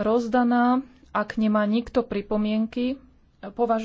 rozdaná. Ak nemá nikto pripomienky, považujem